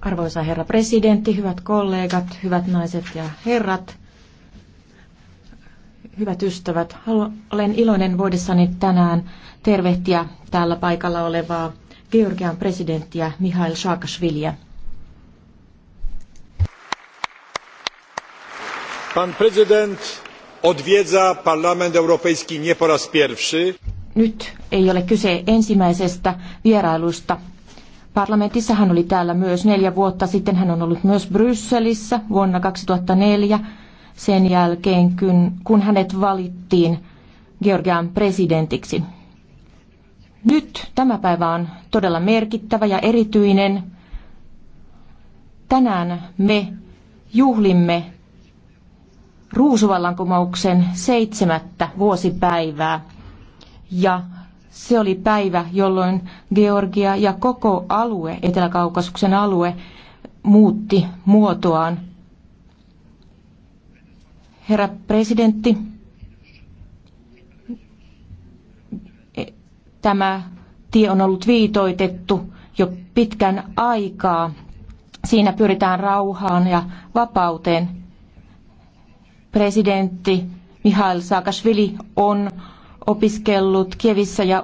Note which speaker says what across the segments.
Speaker 1: Arvoisa herra presidentti, hyvät kollegat, hyvät naiset ja herrat, hyvät ystävät, olen iloinen voidessani tänään tervehtiä täällä paikalla olevaa Georgian presidenttiä Mihail Saakashviliä. Pan president odwiedza Parlament Europejski nie po raz pierwszy. Nyt ei ole kyse ensimmäisestä vierailusta. Parlamentissa hän oli täällä myös neljä vuotta sitten. Hän on ollut myös Brysselissä vuonna 2004 sen jälkeen, kun, kun hänet valittiin Georgian presidentiksi. Nyt tämä päivä on todella merkittävä ja erityinen. Tänään me juhlimme ruusuvallankumouksen seitsemättä vuosipäivää ja se oli päivä, jolloin Georgia ja koko alue, Etelä-Kaukasuksen alue, muutti muotoaan. Herra presidentti, tämä tie on ollut viitoitettu jo pitkän aikaa. Siinä pyritään rauhaan ja vapauteen. Presidentti Mihail Saakashvili on opiskellut Kievissä ja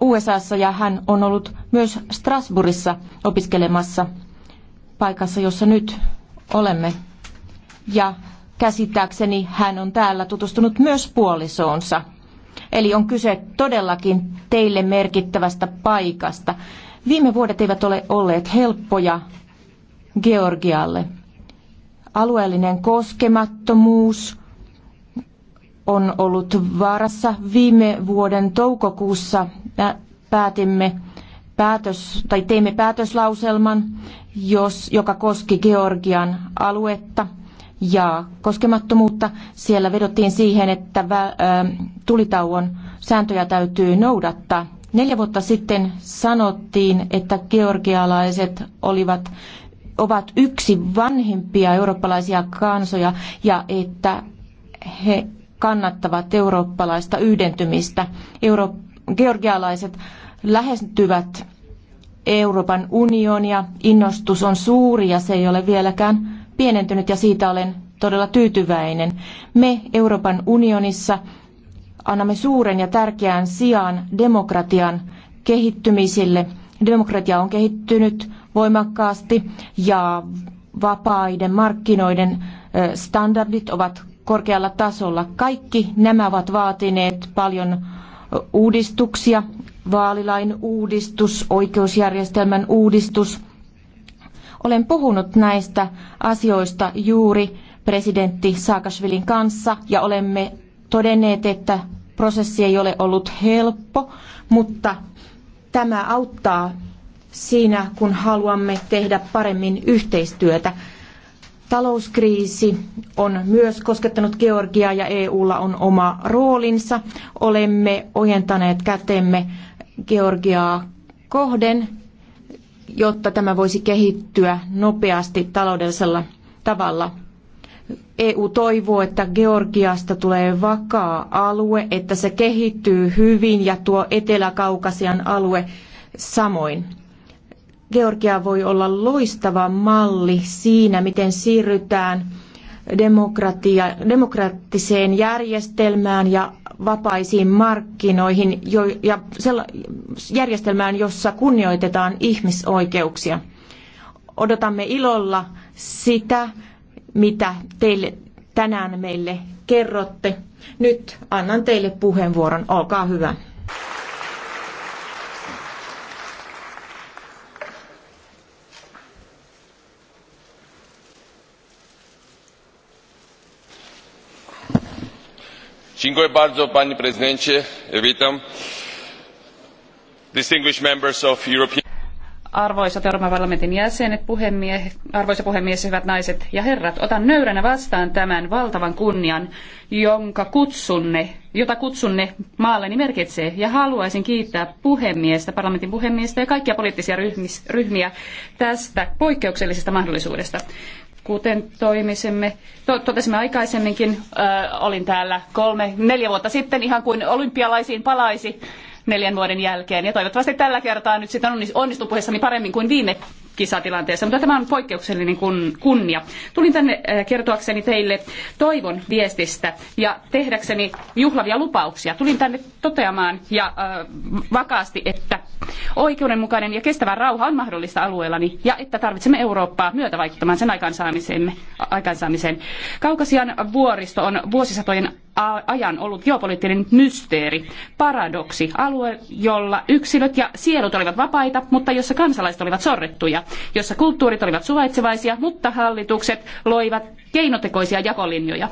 Speaker 1: USAssa ja hän on ollut myös Strasbourgissa opiskelemassa paikassa, jossa nyt olemme. Ja käsittääkseni hän on täällä tutustunut myös puolisoonsa. Eli on kyse todellakin teille merkittävästä paikasta. Viime vuodet eivät ole olleet helppoja Georgialle. Alueellinen koskemattomuus, on ollut vaarassa. Viime vuoden toukokuussa päätimme päätös, tai teimme päätöslauselman, jos, joka koski Georgian aluetta ja koskemattomuutta. Siellä vedottiin siihen, että vä, ä, tulitauon sääntöjä täytyy noudattaa. Neljä vuotta sitten sanottiin, että georgialaiset olivat, ovat yksi vanhimpia eurooppalaisia kansoja ja että he kannattavat eurooppalaista yhdentymistä. Euro- georgialaiset lähestyvät Euroopan unionia. Innostus on suuri ja se ei ole vieläkään pienentynyt ja siitä olen todella tyytyväinen. Me Euroopan unionissa annamme suuren ja tärkeän sijaan demokratian kehittymisille. Demokratia on kehittynyt voimakkaasti ja vapaiden markkinoiden standardit ovat korkealla tasolla. Kaikki nämä ovat vaatineet paljon uudistuksia, vaalilain uudistus, oikeusjärjestelmän uudistus. Olen puhunut näistä asioista juuri presidentti Saakashvilin kanssa ja olemme todenneet, että prosessi ei ole ollut helppo, mutta tämä auttaa siinä, kun haluamme tehdä paremmin yhteistyötä. Talouskriisi on myös koskettanut Georgiaa ja EUlla on oma roolinsa. Olemme ojentaneet kätemme Georgiaa kohden, jotta tämä voisi kehittyä nopeasti taloudellisella tavalla. EU toivoo, että Georgiasta tulee vakaa alue, että se kehittyy hyvin ja tuo Etelä-Kaukasian alue samoin. Georgia voi olla loistava malli siinä, miten siirrytään demokratia, demokraattiseen järjestelmään ja vapaisiin markkinoihin jo, ja järjestelmään, jossa kunnioitetaan ihmisoikeuksia. Odotamme ilolla sitä, mitä teille tänään meille kerrotte. Nyt annan teille puheenvuoron. Olkaa hyvä.
Speaker 2: Dziękuję bardzo, panie prezydencie. Witam. Distinguished members of European... Arvoisat Euroopan parlamentin jäsenet, puhemie, arvoisa puhemies, hyvät naiset ja herrat, otan nöyränä vastaan tämän valtavan kunnian, jonka kutsunne, jota kutsunne maalleni merkitsee. Ja haluaisin kiittää puhemiestä, parlamentin puhemiestä ja kaikkia poliittisia ryhmiä tästä poikkeuksellisesta mahdollisuudesta. Kuten toimisimme, totesimme aikaisemminkin, ö, olin täällä kolme, neljä vuotta sitten ihan kuin olympialaisiin palaisi neljän vuoden jälkeen. Ja toivottavasti tällä kertaa nyt sitten onnistu puheessani paremmin kuin viime kisatilanteessa, mutta tämä on poikkeuksellinen kun, kunnia. Tulin tänne kertoakseni teille toivon viestistä ja tehdäkseni juhlavia lupauksia. Tulin tänne toteamaan ja äh, vakaasti, että Oikeudenmukainen ja kestävä rauha on mahdollista alueellani ja että tarvitsemme Eurooppaa myötävaikuttamaan sen aikaansaamiseen. Kaukasian vuoristo on vuosisatojen ajan ollut geopoliittinen mysteeri, paradoksi, alue, jolla yksilöt ja sielut olivat vapaita, mutta jossa kansalaiset olivat sorrettuja, jossa kulttuurit olivat suvaitsevaisia, mutta hallitukset loivat keinotekoisia jakolinjoja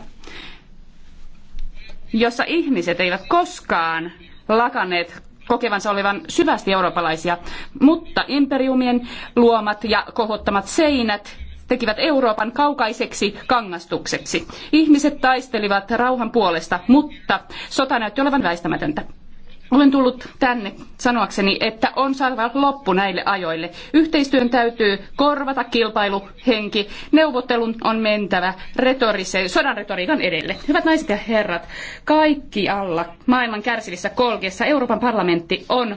Speaker 2: jossa ihmiset eivät koskaan lakaneet kokevansa olevan syvästi eurooppalaisia, mutta imperiumien luomat ja kohottamat seinät tekivät Euroopan kaukaiseksi kangastukseksi. Ihmiset taistelivat rauhan puolesta, mutta sota näytti olevan väistämätöntä. Olen tullut tänne sanoakseni, että on saatava loppu näille ajoille. Yhteistyön täytyy korvata kilpailuhenki. Neuvottelun on mentävä retoriseen sodan retoriikan edelle. Hyvät naiset ja herrat, kaikkialla maailman kärsivissä kolkeissa Euroopan parlamentti on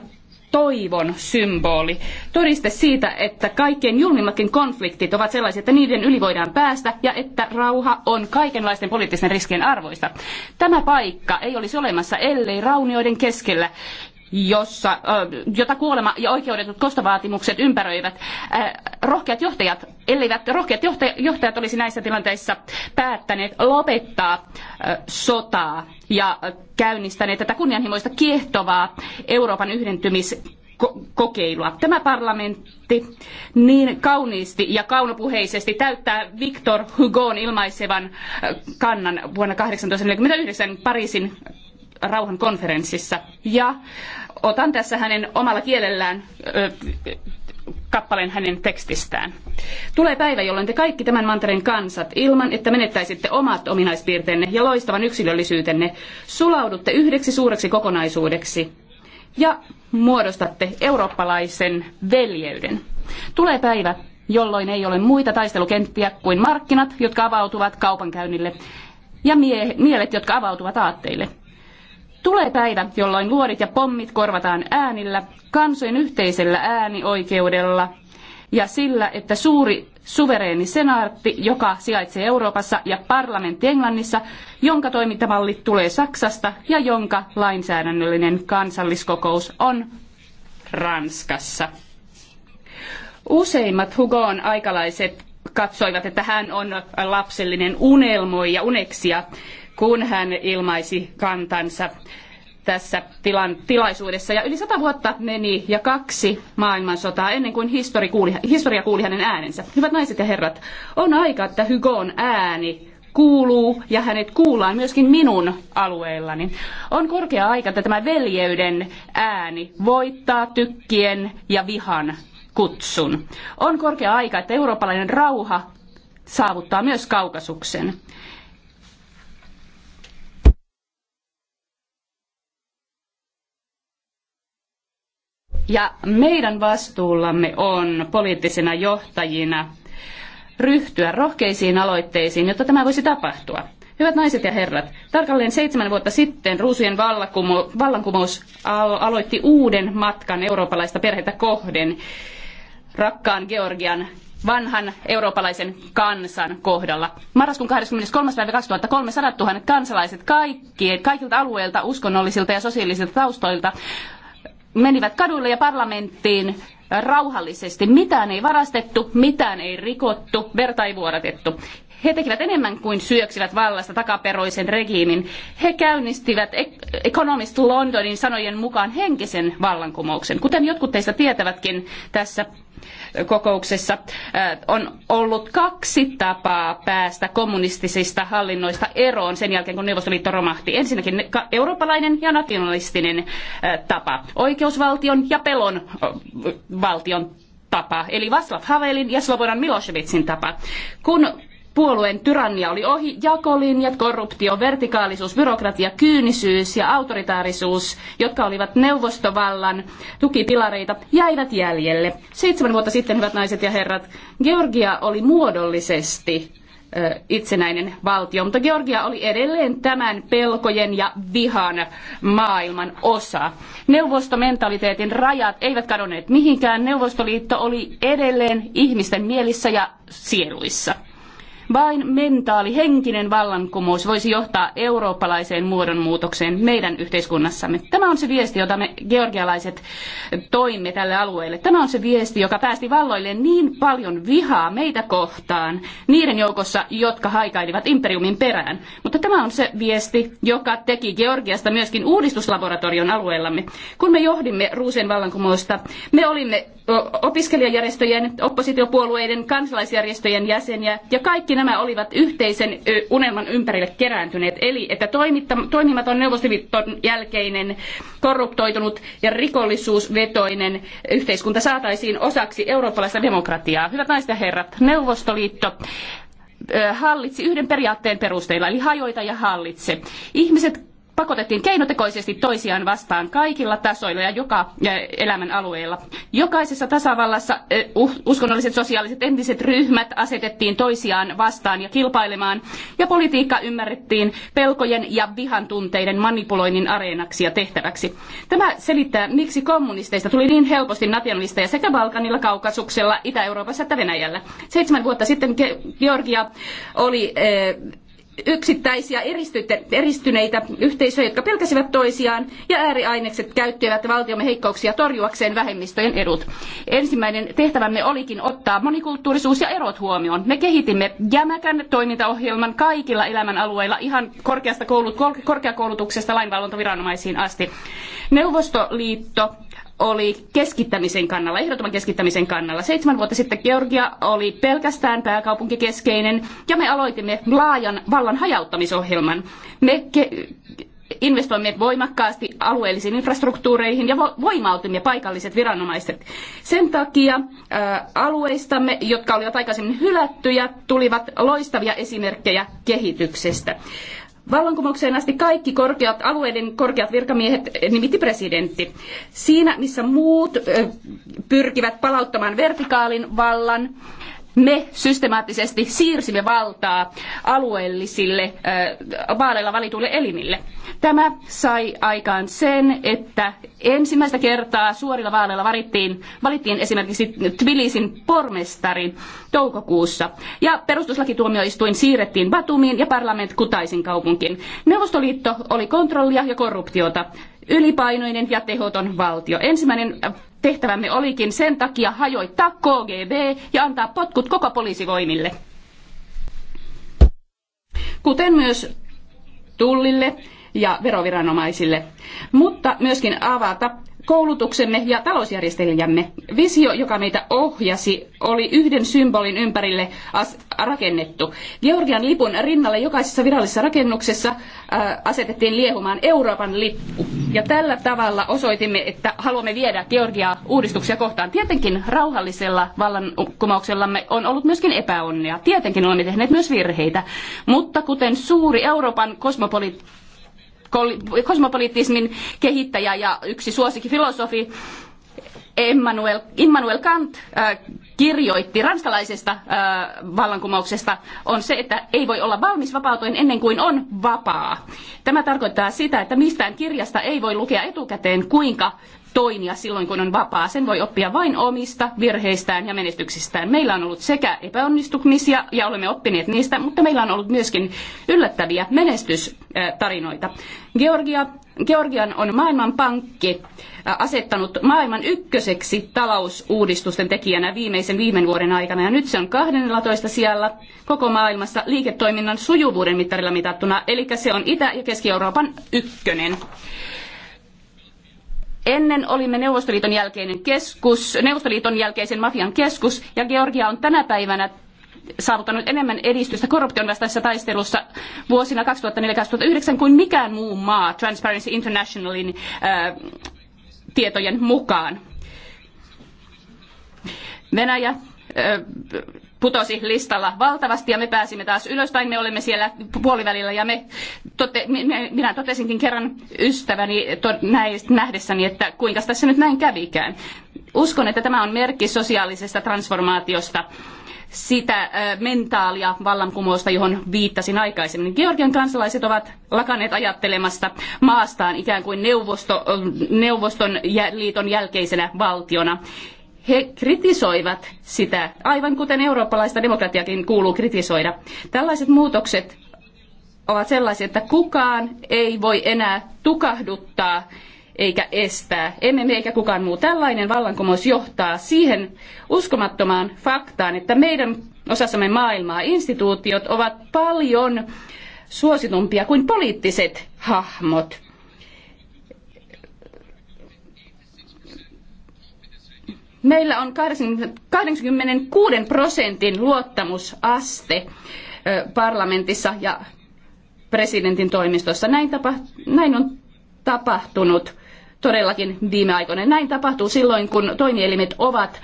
Speaker 2: toivon symboli. Todiste siitä, että kaikkein julmimmatkin konfliktit ovat sellaisia, että niiden yli voidaan päästä ja että rauha on kaikenlaisten poliittisten riskien arvoista. Tämä paikka ei olisi olemassa, ellei raunioiden keskellä jossa, jota kuolema ja oikeudetut kostovaatimukset ympäröivät. Rohkeat johtajat elleivät rohkeat johtajat olisi näissä tilanteissa päättäneet lopettaa sotaa ja käynnistäneet tätä kunnianhimoista kiehtovaa Euroopan yhdentymiskokeilua. Tämä parlamentti niin kauniisti ja kaunopuheisesti täyttää Victor Hugon ilmaisevan kannan vuonna 1849 Pariisin rauhankonferenssissa. Ja otan tässä hänen omalla kielellään kappaleen hänen tekstistään. Tulee päivä, jolloin te kaikki tämän mantereen kansat, ilman että menettäisitte omat ominaispiirteenne ja loistavan yksilöllisyytenne, sulaudutte yhdeksi suureksi kokonaisuudeksi ja muodostatte eurooppalaisen veljeyden. Tulee päivä, jolloin ei ole muita taistelukenttiä kuin markkinat, jotka avautuvat kaupankäynnille, ja mie- mielet, jotka avautuvat aatteille. Tulee päivä, jolloin luodit ja pommit korvataan äänillä, kansojen yhteisellä äänioikeudella ja sillä, että suuri suvereeni senaatti, joka sijaitsee Euroopassa, ja parlamentti Englannissa, jonka toimintamalli tulee Saksasta ja jonka lainsäädännöllinen kansalliskokous on Ranskassa. Useimmat Hugon aikalaiset katsoivat, että hän on lapsellinen unelmoija, uneksija, kun hän ilmaisi kantansa tässä tilan, tilaisuudessa. Ja yli sata vuotta meni ja kaksi maailmansotaa ennen kuin histori kuuli, historia kuuli hänen äänensä. Hyvät naiset ja herrat, on aika, että Hygon ääni kuuluu ja hänet kuullaan myöskin minun alueellani. On korkea aika, että tämä veljeyden ääni voittaa tykkien ja vihan kutsun. On korkea aika, että eurooppalainen rauha saavuttaa myös kaukasuksen. Ja meidän vastuullamme on poliittisina johtajina ryhtyä rohkeisiin aloitteisiin, jotta tämä voisi tapahtua. Hyvät naiset ja herrat, tarkalleen seitsemän vuotta sitten ruusujen vallankumous aloitti uuden matkan eurooppalaista perhettä kohden rakkaan Georgian vanhan eurooppalaisen kansan kohdalla. Marraskuun 23. päivä 2003 100 000 kansalaiset kaikilta alueilta, uskonnollisilta ja sosiaalisilta taustoilta menivät kadulle ja parlamenttiin rauhallisesti. Mitään ei varastettu, mitään ei rikottu, verta ei vuodatettu he tekivät enemmän kuin syöksivät vallasta takaperoisen regiimin. He käynnistivät Economist Londonin sanojen mukaan henkisen vallankumouksen. Kuten jotkut teistä tietävätkin tässä kokouksessa on ollut kaksi tapaa päästä kommunistisista hallinnoista eroon sen jälkeen, kun Neuvostoliitto romahti. Ensinnäkin eurooppalainen ja nationalistinen tapa, oikeusvaltion ja pelon valtion tapa, eli Václav Havelin ja Slobodan Miloševicin tapa. Kun puolueen tyrannia oli ohi, jakolinjat, korruptio, vertikaalisuus, byrokratia, kyynisyys ja autoritaarisuus, jotka olivat neuvostovallan tukipilareita, jäivät jäljelle. Seitsemän vuotta sitten, hyvät naiset ja herrat, Georgia oli muodollisesti ö, itsenäinen valtio, mutta Georgia oli edelleen tämän pelkojen ja vihan maailman osa. Neuvostomentaliteetin rajat eivät kadonneet mihinkään. Neuvostoliitto oli edelleen ihmisten mielissä ja sieluissa. Vain mentaali, henkinen vallankumous voisi johtaa eurooppalaiseen muodonmuutokseen meidän yhteiskunnassamme. Tämä on se viesti, jota me georgialaiset toimme tälle alueelle. Tämä on se viesti, joka päästi valloilleen niin paljon vihaa meitä kohtaan niiden joukossa, jotka haikailivat imperiumin perään. Mutta tämä on se viesti, joka teki Georgiasta myöskin uudistuslaboratorion alueellamme. Kun me johdimme Ruusien vallankumousta, me olimme opiskelijajärjestöjen, oppositiopuolueiden, kansalaisjärjestöjen jäseniä ja kaikki nämä olivat yhteisen unelman ympärille kerääntyneet, eli että toimimaton Neuvostoliiton jälkeinen korruptoitunut ja rikollisuusvetoinen yhteiskunta saataisiin osaksi eurooppalaista demokratiaa. Hyvät naiset ja herrat, Neuvostoliitto hallitsi yhden periaatteen perusteella, eli hajoita ja hallitse. Ihmiset pakotettiin keinotekoisesti toisiaan vastaan kaikilla tasoilla ja joka elämän alueella. Jokaisessa tasavallassa eh, uskonnolliset, sosiaaliset, entiset ryhmät asetettiin toisiaan vastaan ja kilpailemaan, ja politiikka ymmärrettiin pelkojen ja vihan tunteiden manipuloinnin areenaksi ja tehtäväksi. Tämä selittää, miksi kommunisteista tuli niin helposti nationalisteja sekä Balkanilla, Kaukasuksella, Itä-Euroopassa että Venäjällä. Seitsemän vuotta sitten Georgia oli eh, yksittäisiä eristyneitä yhteisöjä, jotka pelkäsivät toisiaan, ja ääriainekset käyttivät valtiomme heikkouksia torjuakseen vähemmistöjen edut. Ensimmäinen tehtävämme olikin ottaa monikulttuurisuus ja erot huomioon. Me kehitimme jämäkän toimintaohjelman kaikilla elämänalueilla, ihan korkeasta koulut, korkeakoulutuksesta lainvalvontaviranomaisiin asti. Neuvostoliitto oli keskittämisen kannalla, ehdottoman keskittämisen kannalla. Seitsemän vuotta sitten Georgia oli pelkästään pääkaupunkikeskeinen ja me aloitimme laajan vallan hajauttamisohjelman. Me investoimme voimakkaasti alueellisiin infrastruktuureihin ja voimautimme paikalliset viranomaiset. Sen takia ä, äh, alueistamme, jotka olivat aikaisemmin hylättyjä, tulivat loistavia esimerkkejä kehityksestä. Vallankumoukseen asti kaikki korkeat, alueiden korkeat virkamiehet eh, nimitti presidentti. Siinä, missä muut eh, pyrkivät palauttamaan vertikaalin vallan, me systemaattisesti siirsimme valtaa alueellisille vaaleilla valituille elimille. Tämä sai aikaan sen, että ensimmäistä kertaa suorilla vaaleilla valittiin, valittiin esimerkiksi Tbilisin pormestari toukokuussa. Ja perustuslakituomioistuin siirrettiin Batumiin ja parlament Kutaisin kaupunkiin. Neuvostoliitto oli kontrollia ja korruptiota ylipainoinen ja tehoton valtio. Ensimmäinen tehtävämme olikin sen takia hajoittaa KGB ja antaa potkut koko poliisivoimille. Kuten myös tullille ja veroviranomaisille, mutta myöskin avata koulutuksemme ja talousjärjestelijämme. Visio, joka meitä ohjasi, oli yhden symbolin ympärille rakennettu. Georgian lipun rinnalle jokaisessa virallisessa rakennuksessa äh, asetettiin liehumaan Euroopan lippu. Ja tällä tavalla osoitimme, että haluamme viedä Georgiaa uudistuksia kohtaan. Tietenkin rauhallisella vallankumouksellamme on ollut myöskin epäonnea. Tietenkin olemme tehneet myös virheitä. Mutta kuten suuri Euroopan kosmopoliittinen kosmopolitismin kehittäjä ja yksi suosikki filosofi Emmanuel, Immanuel Kant äh, kirjoitti ranskalaisesta äh, vallankumouksesta, on se, että ei voi olla valmis vapautuen ennen kuin on vapaa. Tämä tarkoittaa sitä, että mistään kirjasta ei voi lukea etukäteen, kuinka toimia silloin, kun on vapaa. Sen voi oppia vain omista virheistään ja menestyksistään. Meillä on ollut sekä epäonnistumisia ja olemme oppineet niistä, mutta meillä on ollut myöskin yllättäviä menestystarinoita. Georgia, Georgian on Maailmanpankki äh, asettanut maailman ykköseksi talousuudistusten tekijänä viimeisen viimen vuoden aikana ja nyt se on 12 sijalla koko maailmassa liiketoiminnan sujuvuuden mittarilla mitattuna, eli se on Itä- ja Keski-Euroopan ykkönen. Ennen olimme Neuvostoliiton jälkeinen keskus, Neuvostoliiton jälkeisen mafian keskus, ja Georgia on tänä päivänä saavuttanut enemmän edistystä korruption vastaisessa taistelussa vuosina 2004-2009 kuin mikään muu maa Transparency Internationalin äh, tietojen mukaan. Venäjä ää, äh, putosi listalla valtavasti ja me pääsimme taas ylöspäin. Me olemme siellä puolivälillä ja me tote, me, minä totesinkin kerran ystäväni to, nähdessäni, että kuinka tässä nyt näin kävikään. Uskon, että tämä on merkki sosiaalisesta transformaatiosta sitä mentaalia vallankumousta, johon viittasin aikaisemmin. Georgian kansalaiset ovat lakaneet ajattelemasta maastaan ikään kuin neuvosto, neuvoston liiton jälkeisenä valtiona he kritisoivat sitä, aivan kuten eurooppalaista demokratiakin kuuluu kritisoida. Tällaiset muutokset ovat sellaisia, että kukaan ei voi enää tukahduttaa eikä estää. Emme me eikä kukaan muu. Tällainen vallankumous johtaa siihen uskomattomaan faktaan, että meidän osassamme maailmaa instituutiot ovat paljon suositumpia kuin poliittiset hahmot. Meillä on 86 prosentin luottamusaste parlamentissa ja presidentin toimistossa. Näin, tapa, näin on tapahtunut todellakin viime aikoina. Näin tapahtuu silloin, kun toimielimet ovat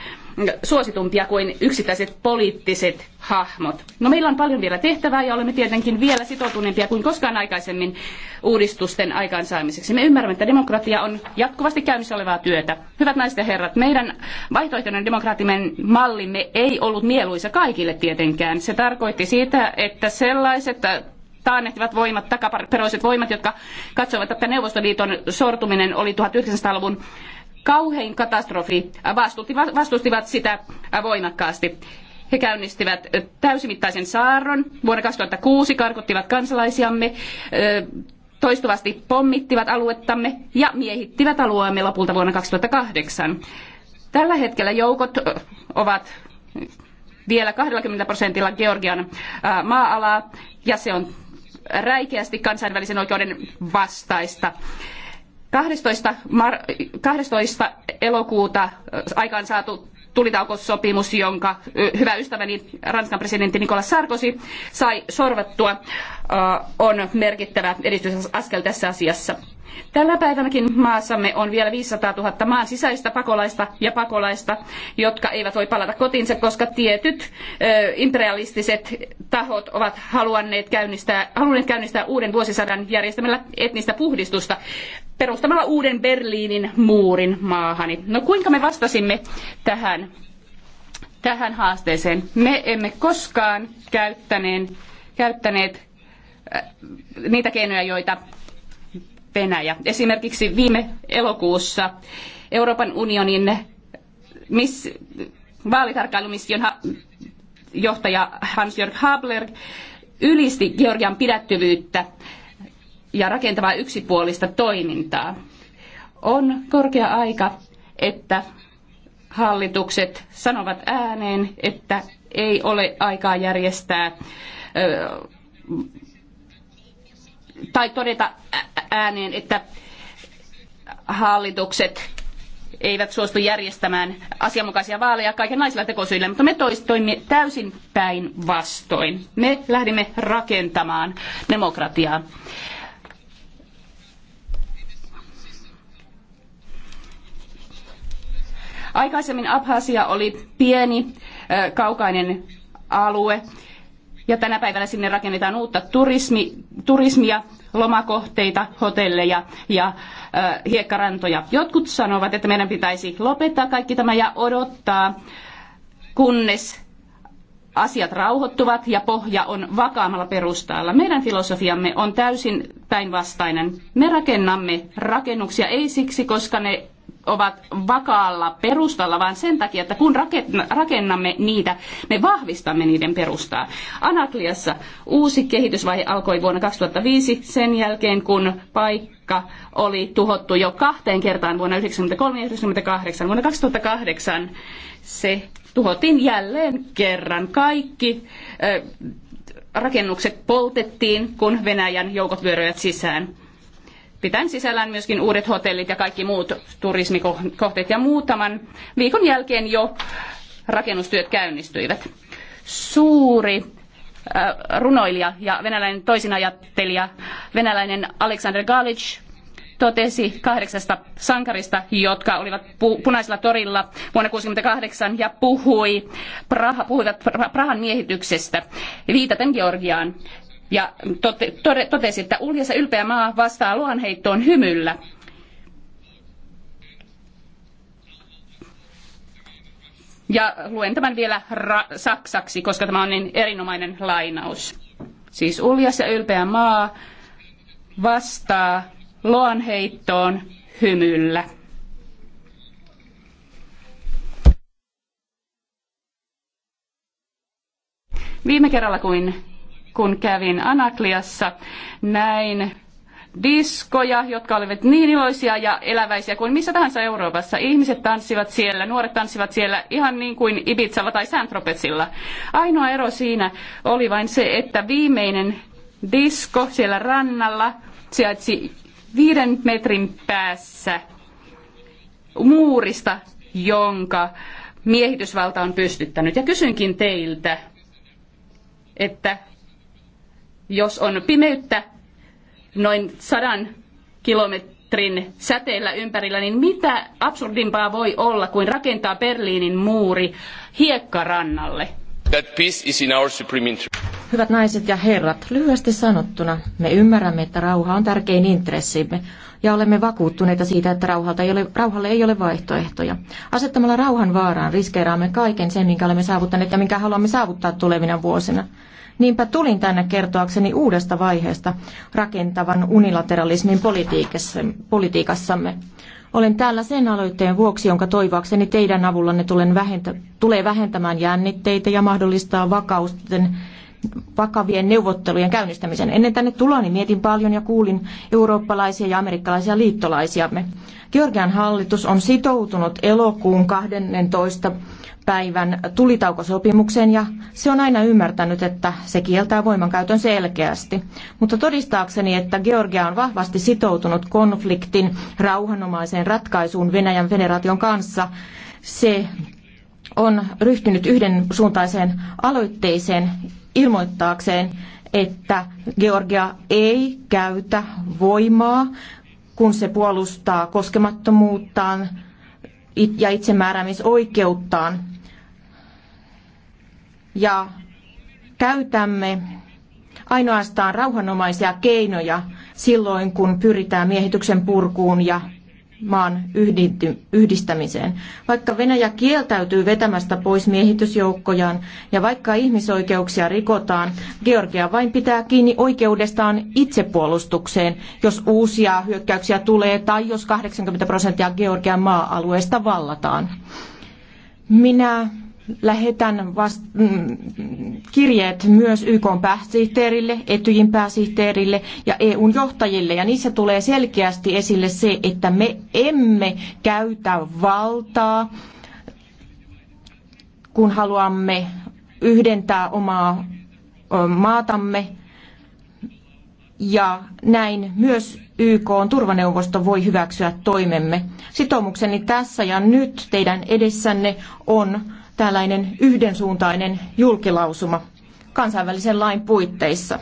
Speaker 2: suositumpia kuin yksittäiset poliittiset hahmot. No meillä on paljon vielä tehtävää ja olemme tietenkin vielä sitoutuneempia kuin koskaan aikaisemmin uudistusten aikaansaamiseksi. Me ymmärrämme, että demokratia on jatkuvasti käynnissä olevaa työtä. Hyvät naiset ja herrat, meidän vaihtoehtoinen demokraattinen mallimme ei ollut mieluisa kaikille tietenkään. Se tarkoitti sitä, että sellaiset taannehtivat voimat, takaperoiset voimat, jotka katsoivat, että Neuvostoliiton sortuminen oli 1900-luvun kauhein katastrofi, vastustivat sitä voimakkaasti. He käynnistivät täysimittaisen saarron. Vuonna 2006 karkottivat kansalaisiamme, toistuvasti pommittivat aluettamme ja miehittivät alueemme lopulta vuonna 2008. Tällä hetkellä joukot ovat vielä 20 prosentilla Georgian maa-alaa ja se on räikeästi kansainvälisen oikeuden vastaista. 12, mar- 12 elokuuta aikaan saatu tulitaukosopimus, jonka hyvä ystäväni Ranskan presidentti Nicolas Sarkozy sai sorvattua, on merkittävä edistysaskel tässä asiassa. Tällä päivänäkin maassamme on vielä 500 000 maan sisäistä pakolaista ja pakolaista, jotka eivät voi palata kotiinsa, koska tietyt ö, imperialistiset tahot ovat halunneet käynnistää, halunneet käynnistää uuden vuosisadan järjestämällä etnistä puhdistusta perustamalla uuden Berliinin muurin maahani. No kuinka me vastasimme tähän, tähän haasteeseen? Me emme koskaan käyttäneet, käyttäneet niitä keinoja, joita Venäjä. Esimerkiksi viime elokuussa Euroopan unionin miss, vaalitarkkailumission johtaja Hans-Jörg Habler ylisti Georgian pidättyvyyttä ja rakentavaa yksipuolista toimintaa. On korkea aika, että hallitukset sanovat ääneen, että ei ole aikaa järjestää tai todeta ääneen, että hallitukset eivät suostu järjestämään asianmukaisia vaaleja kaikenlaisilla tekosyillä, mutta me toimimme täysin päinvastoin. Me lähdimme rakentamaan demokratiaa. Aikaisemmin Abhasia oli pieni, kaukainen alue, ja tänä päivänä sinne rakennetaan uutta turismi, turismia, lomakohteita, hotelleja ja äh, hiekkarantoja. Jotkut sanovat, että meidän pitäisi lopettaa kaikki tämä ja odottaa, kunnes asiat rauhoittuvat ja pohja on vakaammalla perustalla. Meidän filosofiamme on täysin päinvastainen. Me rakennamme rakennuksia ei siksi, koska ne ovat vakaalla perustalla, vaan sen takia, että kun rakennamme niitä, me vahvistamme niiden perustaa. Anakliassa uusi kehitysvaihe alkoi vuonna 2005 sen jälkeen, kun paikka oli tuhottu jo kahteen kertaan vuonna 1993 ja 1998. Vuonna 2008 se tuhottiin jälleen kerran. Kaikki rakennukset poltettiin, kun Venäjän joukot vyöryivät sisään pitäen sisällään myöskin uudet hotellit ja kaikki muut turismikohteet ja muutaman viikon jälkeen jo rakennustyöt käynnistyivät. Suuri äh, runoilija ja venäläinen toisinajattelija, venäläinen Alexander Galich totesi kahdeksasta sankarista, jotka olivat punaisella torilla vuonna 1968 ja puhui, Praha, puhuivat Prahan miehityksestä, viitaten Georgiaan ja tote, tode, totesi, että uljas ja ylpeä maa vastaa luonheittoon hymyllä. Ja luen tämän vielä saksaksi, koska tämä on niin erinomainen lainaus. Siis uljas ja ylpeä maa vastaa loanheittoon hymyllä. Viime kerralla, kun kun kävin Anakliassa, näin diskoja, jotka olivat niin iloisia ja eläväisiä kuin missä tahansa Euroopassa. Ihmiset tanssivat siellä, nuoret tanssivat siellä ihan niin kuin Ibizalla tai Santropetsilla. Ainoa ero siinä oli vain se, että viimeinen disko siellä rannalla sijaitsi viiden metrin päässä muurista, jonka miehitysvalta on pystyttänyt. Ja kysynkin teiltä, että jos on pimeyttä noin sadan kilometrin säteellä ympärillä, niin mitä absurdimpaa voi olla kuin rakentaa Berliinin muuri hiekkarannalle? Hyvät
Speaker 1: naiset ja herrat, lyhyesti sanottuna, me ymmärrämme, että rauha on tärkein intressimme ja olemme vakuuttuneita siitä, että rauhalta ei ole, rauhalle ei ole vaihtoehtoja. Asettamalla rauhan vaaraan riskeeraamme kaiken sen, minkä olemme saavuttaneet ja minkä haluamme saavuttaa tulevina vuosina. Niinpä tulin tänne kertoakseni uudesta vaiheesta rakentavan unilateralismin politiikassamme. Olen täällä sen aloitteen vuoksi, jonka toivakseni teidän avullanne tulen vähentä, tulee vähentämään jännitteitä ja mahdollistaa vakausten vakavien neuvottelujen käynnistämisen. Ennen tänne tuloani mietin paljon ja kuulin eurooppalaisia ja amerikkalaisia liittolaisiamme. Georgian hallitus on sitoutunut elokuun 12 päivän tulitaukosopimukseen ja se on aina ymmärtänyt, että se kieltää voimankäytön selkeästi. Mutta todistaakseni, että Georgia on vahvasti sitoutunut konfliktin rauhanomaiseen ratkaisuun Venäjän federaation kanssa, se on ryhtynyt yhdensuuntaiseen aloitteeseen ilmoittaakseen, että Georgia ei käytä voimaa, kun se puolustaa koskemattomuuttaan ja itsemääräämisoikeuttaan ja käytämme ainoastaan rauhanomaisia keinoja silloin, kun pyritään miehityksen purkuun ja maan yhdistämiseen. Vaikka Venäjä kieltäytyy vetämästä pois miehitysjoukkojaan ja vaikka ihmisoikeuksia rikotaan, Georgia vain pitää kiinni oikeudestaan itsepuolustukseen, jos uusia hyökkäyksiä tulee tai jos 80 prosenttia Georgian maa-alueesta vallataan. Minä lähetän vast- mm, kirjeet myös YK pääsihteerille, Etyjin pääsihteerille ja EUn johtajille. Ja niissä tulee selkeästi esille se, että me emme käytä valtaa, kun haluamme yhdentää omaa maatamme. Ja näin myös YK turvaneuvosto voi hyväksyä toimemme. Sitoumukseni tässä ja nyt teidän edessänne on tällainen yhdensuuntainen julkilausuma kansainvälisen lain puitteissa.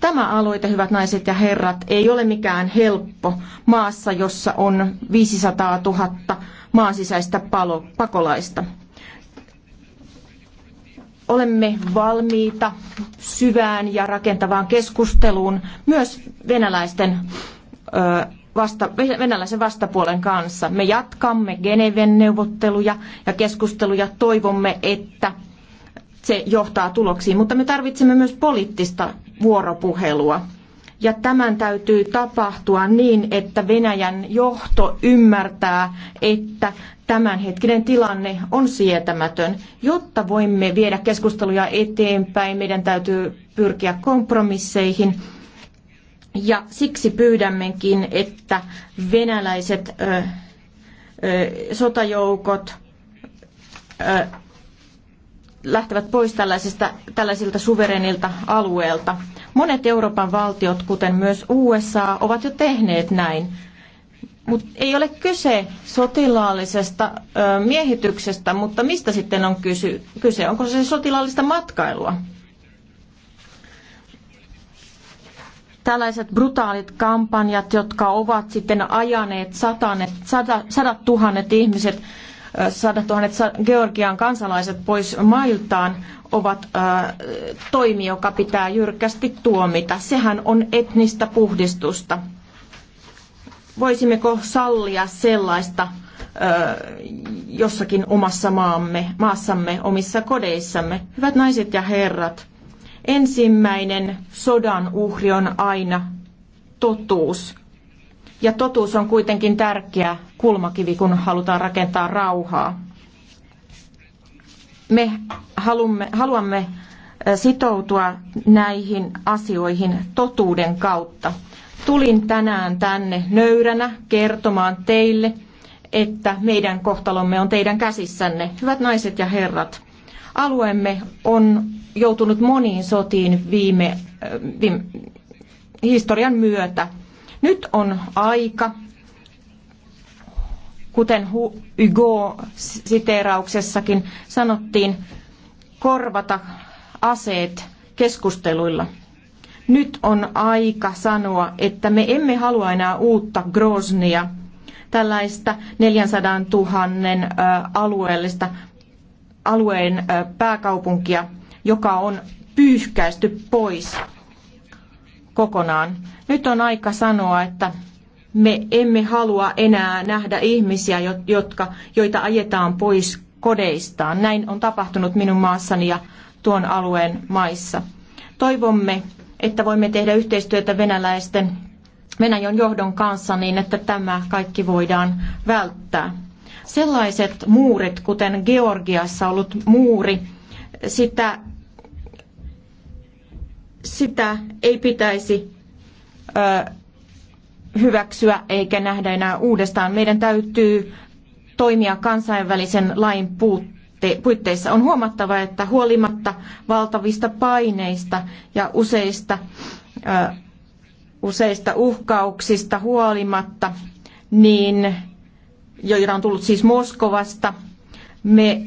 Speaker 1: Tämä aloite, hyvät naiset ja herrat, ei ole mikään helppo maassa, jossa on 500 000 maan sisäistä palo- pakolaista. Olemme valmiita syvään ja rakentavaan keskusteluun myös venäläisten ö, vasta, venäläisen vastapuolen kanssa. Me jatkamme Geneven neuvotteluja ja keskusteluja. Toivomme, että se johtaa tuloksiin, mutta me tarvitsemme myös poliittista vuoropuhelua. Ja tämän täytyy tapahtua niin, että Venäjän johto ymmärtää, että tämänhetkinen tilanne on sietämätön. Jotta voimme viedä keskusteluja eteenpäin, meidän täytyy pyrkiä kompromisseihin ja siksi pyydämmekin, että venäläiset ö, ö, sotajoukot ö, lähtevät pois tällaisista, tällaisilta suverenilta alueelta. Monet Euroopan valtiot, kuten myös USA, ovat jo tehneet näin. Mutta ei ole kyse sotilaallisesta ö, miehityksestä, mutta mistä sitten on kyse? kyse? Onko se sotilaallista matkailua? Tällaiset brutaalit kampanjat, jotka ovat sitten ajaneet satanet, sada, sadat tuhannet ihmiset, sadat tuhannet Georgian kansalaiset pois mailtaan, ovat äh, toimi, joka pitää jyrkästi tuomita. Sehän on etnistä puhdistusta. Voisimmeko sallia sellaista jossakin omassa maamme, maassamme, omissa kodeissamme. Hyvät naiset ja herrat, ensimmäinen sodan uhri on aina totuus. Ja totuus on kuitenkin tärkeä kulmakivi, kun halutaan rakentaa rauhaa. Me haluamme, haluamme äh, sitoutua näihin asioihin totuuden kautta. Tulin tänään tänne nöyränä kertomaan teille, että meidän kohtalomme on teidän käsissänne. Hyvät naiset ja herrat, Alueemme on joutunut moniin sotiin viime, viime historian myötä. Nyt on aika, kuten Hugo-siteerauksessakin sanottiin, korvata aseet keskusteluilla. Nyt on aika sanoa, että me emme halua enää uutta Groznia, tällaista 400 000 alueellista alueen pääkaupunkia, joka on pyyhkäisty pois kokonaan. Nyt on aika sanoa, että me emme halua enää nähdä ihmisiä, jotka, joita ajetaan pois kodeistaan. Näin on tapahtunut minun maassani ja tuon alueen maissa. Toivomme, että voimme tehdä yhteistyötä venäläisten Venäjän johdon kanssa niin, että tämä kaikki voidaan välttää. Sellaiset muurit, kuten Georgiassa ollut muuri, sitä, sitä ei pitäisi ö, hyväksyä eikä nähdä enää uudestaan. Meidän täytyy toimia kansainvälisen lain puitteissa. On huomattava, että huolimatta valtavista paineista ja useista, ö, useista uhkauksista huolimatta, niin joita on tullut siis Moskovasta. Me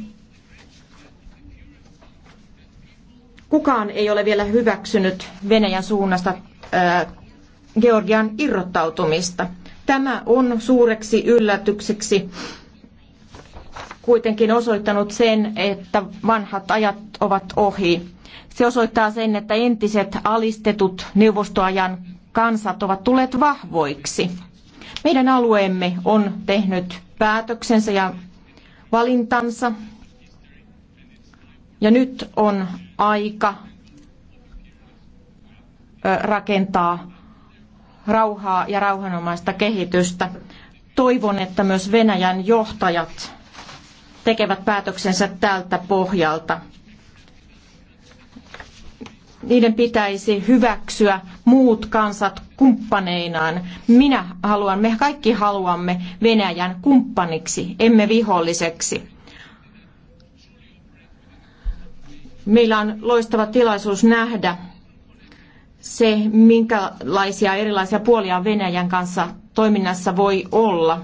Speaker 1: kukaan ei ole vielä hyväksynyt Venäjän suunnasta ää, Georgian irrottautumista. Tämä on suureksi yllätykseksi kuitenkin osoittanut sen, että vanhat ajat ovat ohi. Se osoittaa sen, että entiset alistetut neuvostoajan kansat ovat tulleet vahvoiksi. Meidän alueemme on tehnyt päätöksensä ja valintansa. Ja nyt on aika rakentaa rauhaa ja rauhanomaista kehitystä. Toivon, että myös Venäjän johtajat tekevät päätöksensä tältä pohjalta niiden pitäisi hyväksyä muut kansat kumppaneinaan. Minä haluan, me kaikki haluamme Venäjän kumppaniksi, emme viholliseksi. Meillä on loistava tilaisuus nähdä se, minkälaisia erilaisia puolia Venäjän kanssa toiminnassa voi olla.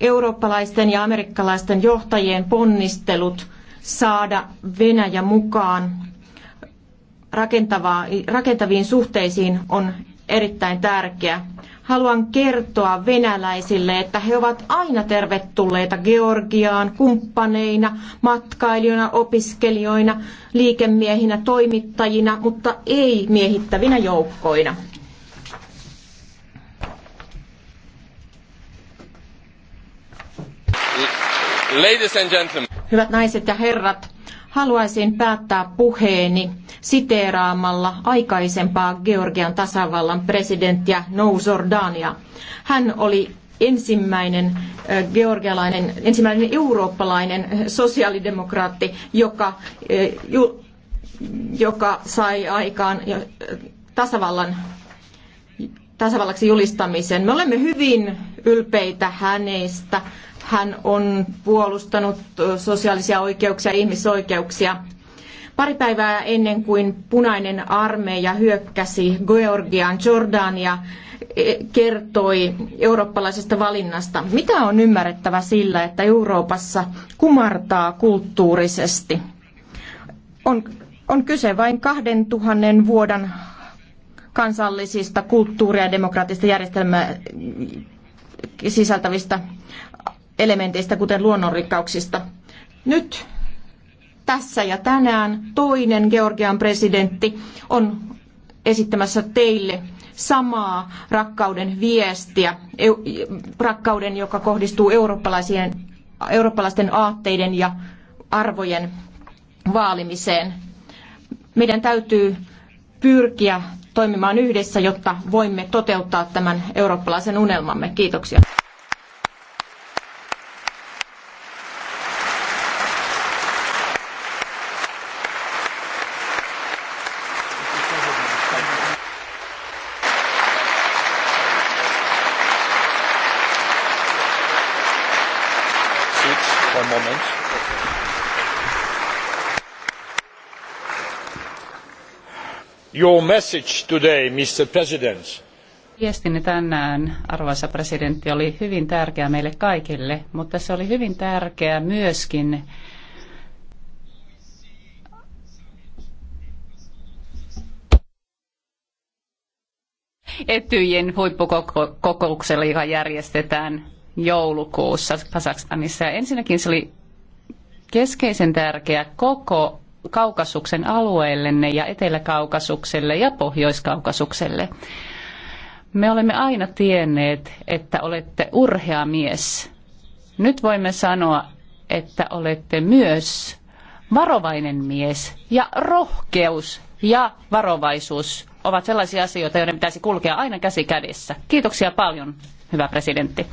Speaker 1: Eurooppalaisten ja amerikkalaisten johtajien ponnistelut – saada Venäjä mukaan rakentaviin suhteisiin on erittäin tärkeä. Haluan kertoa venäläisille, että he ovat aina tervetulleita Georgiaan kumppaneina, matkailijoina, opiskelijoina, liikemiehinä, toimittajina, mutta ei miehittävinä joukkoina.
Speaker 2: Ladies and gentlemen.
Speaker 1: Hyvät naiset ja herrat, haluaisin päättää puheeni siteeraamalla aikaisempaa Georgian tasavallan presidenttiä Nouzordania. Hän oli ensimmäinen georgialainen, ensimmäinen eurooppalainen sosiaalidemokraatti, joka, joka sai aikaan tasavallan tasavallaksi julistamisen. Me olemme hyvin ylpeitä hänestä. Hän on puolustanut sosiaalisia oikeuksia ja ihmisoikeuksia. Pari päivää ennen kuin punainen armeija hyökkäsi Georgiaan Jordania, e, kertoi eurooppalaisesta valinnasta. Mitä on ymmärrettävä sillä, että Euroopassa kumartaa kulttuurisesti? On, on kyse vain 2000 vuoden kansallisista kulttuuria ja demokraattista järjestelmää sisältävistä elementeistä, kuten luonnonrikkauksista. Nyt tässä ja tänään toinen Georgian presidentti on esittämässä teille samaa rakkauden viestiä, rakkauden, joka kohdistuu eurooppalaisien, eurooppalaisten aatteiden ja arvojen vaalimiseen. Meidän täytyy pyrkiä toimimaan yhdessä, jotta voimme toteuttaa tämän eurooppalaisen unelmamme. Kiitoksia.
Speaker 2: your message today, Mr. President. Viestinne tänään, arvoisa presidentti, oli hyvin tärkeä meille kaikille, mutta se oli hyvin tärkeä myöskin Etyjen huippukokoukselle, joka järjestetään joulukuussa Kazakstanissa. ensinnäkin se oli keskeisen tärkeä koko Kaukasuksen alueellenne ja Etelä-Kaukasukselle ja Pohjois-Kaukasukselle. Me olemme aina tienneet, että olette urhea mies. Nyt voimme sanoa, että olette myös varovainen mies ja rohkeus ja varovaisuus ovat sellaisia asioita, joiden pitäisi kulkea aina käsi kädessä. Kiitoksia paljon, hyvä presidentti.